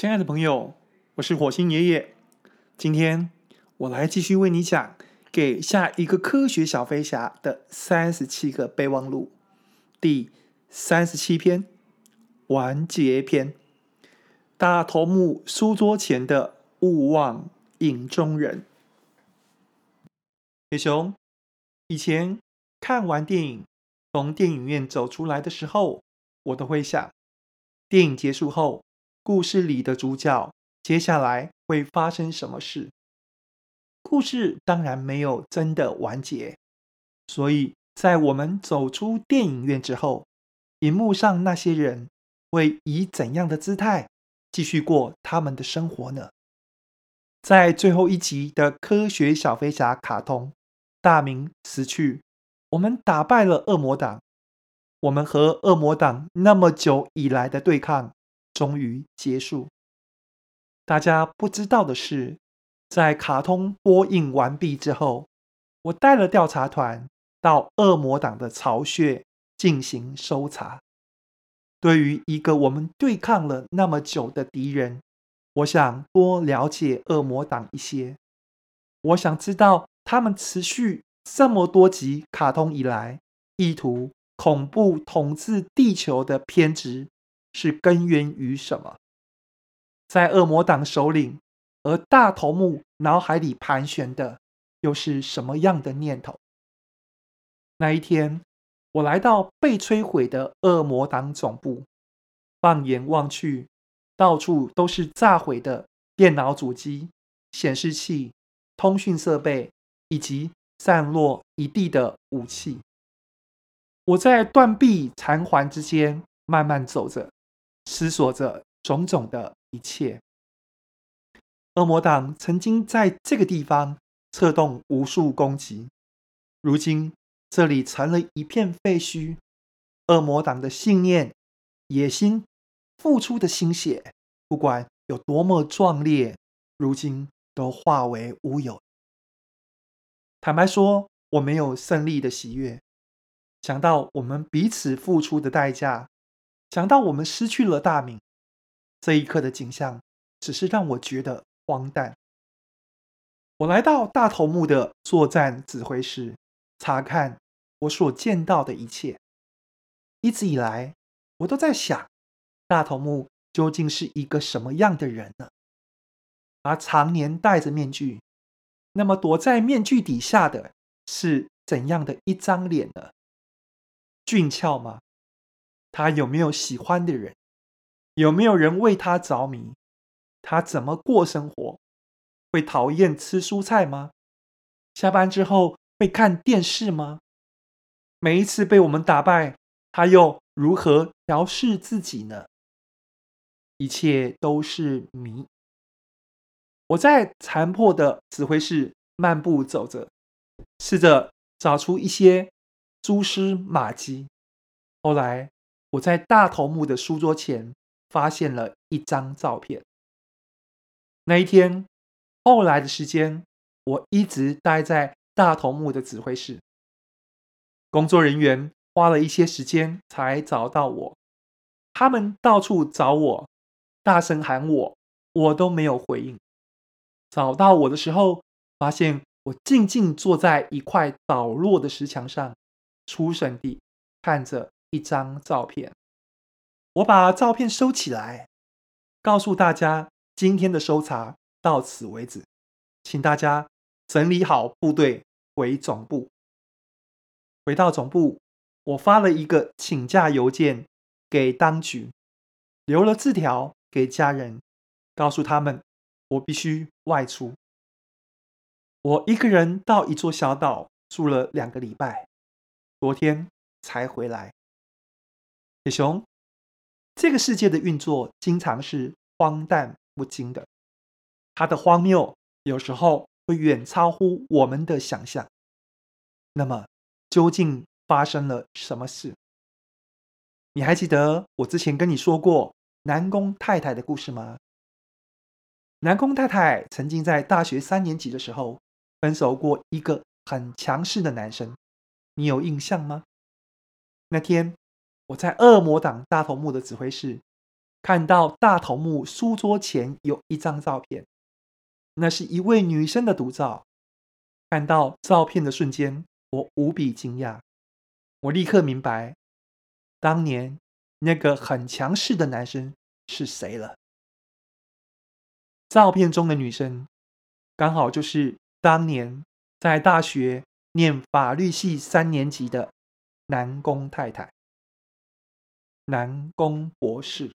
親愛的朋友，我是火星爺爺。今天我來繼續為你講《給下一個科學小飛俠的三十七個備忘錄》第三十七篇完結篇——大頭目書桌前的勿忘影中人。鐵雄，以前看完電影從電影院走出來的時候，我都會想，電影結束後。故事裡的主角接下來會發生什麼事？故事當然沒有真的完結，所以在我們走出電影院之後，熒幕上那些人會以怎樣的姿態繼續過他們的生活呢？在最後一集的《科學小飛俠》卡通，大明死去，我們打敗了惡魔黨，我們和惡魔黨那麼久以來的對抗，終於結束。大家不知道的是，在卡通播映完畢之後，我帶了調查團到惡魔黨的巢穴進行搜查。對於一個我們對抗了那麼久的敵人，我想多了解惡魔黨一些。我想知道他們持續這麼多集卡通以來，意圖恐怖統治地球的偏執，是根源於什麼？在惡魔黨首領，而大頭目腦海裡盤旋的又是什麼樣的念頭？那一天，我來到被摧毀的惡魔黨總部，放眼望去，到處都是炸毀的電腦主機、顯示器、通訊設備以及散落一地的武器。我在斷壁殘垣之間慢慢走着。思索着種種的一切，惡魔黨曾經在這個地方策動無數攻擊，如今這裡成了一片廢墟。惡魔黨的信念、野心、付出的心血，不管有多麼壯烈，如今都化為烏有。坦白說，我沒有勝利的喜悅，想到我們彼此付出的代價。想到我們失去了大明，這一刻的景象只是讓我覺得荒誕。我來到大頭目的作戰指揮室，查看我所見到的一切。一直以來，我都在想，大頭目究竟是一個什麼樣的人呢？而、啊、常年戴着面具，那麼躲在面具底下的是怎樣的一張臉呢？俊俏嗎？他有沒有喜歡的人？有沒有人為他着迷？他怎麼過生活？會討厭吃蔬菜嗎？下班之後會看電視嗎？每一次被我們打敗，他又如何調適自己呢？一切都是謎。我在殘破的指揮室漫步走，走着，試着找出一些蛛絲馬跡。後來。我在大頭目的書桌前發現了一張照片。那一天，後來的時間，我一直待在大頭目的指揮室。工作人員花了一些時間才找到我，他們到處找我，大聲喊我，我都沒有回應。找到我的時候，發現我靜靜坐在一塊倒落的石牆上，出神地看着。一張照片，我把照片收起來，告訴大家今天的搜查到此為止，請大家整理好部隊回總部。回到總部，我發了一個請假郵件給當局，留了字條給家人，告訴他們我必須外出。我一個人到一座小島住了兩個禮拜，昨天才回來。小熊，這個世界的運作經常是荒誕不經的，它的荒謬有時候會遠超乎我們的想象。那麼，究竟發生了什麼事？你還記得我之前跟你說過南宮太太的故事嗎？南宮太太曾經在大學三年級的時候分手過一個很強勢的男生，你有印象嗎？那天，我在惡魔黨大頭目的指揮室，看到大頭目書桌前有一張照片，那是一位女生的獨照。看到照片的瞬間，我無比驚訝。我立刻明白，當年那個很強勢的男生是誰了。照片中的女生，剛好就是當年在大學念法律系三年級的南宮太太。南宮博士。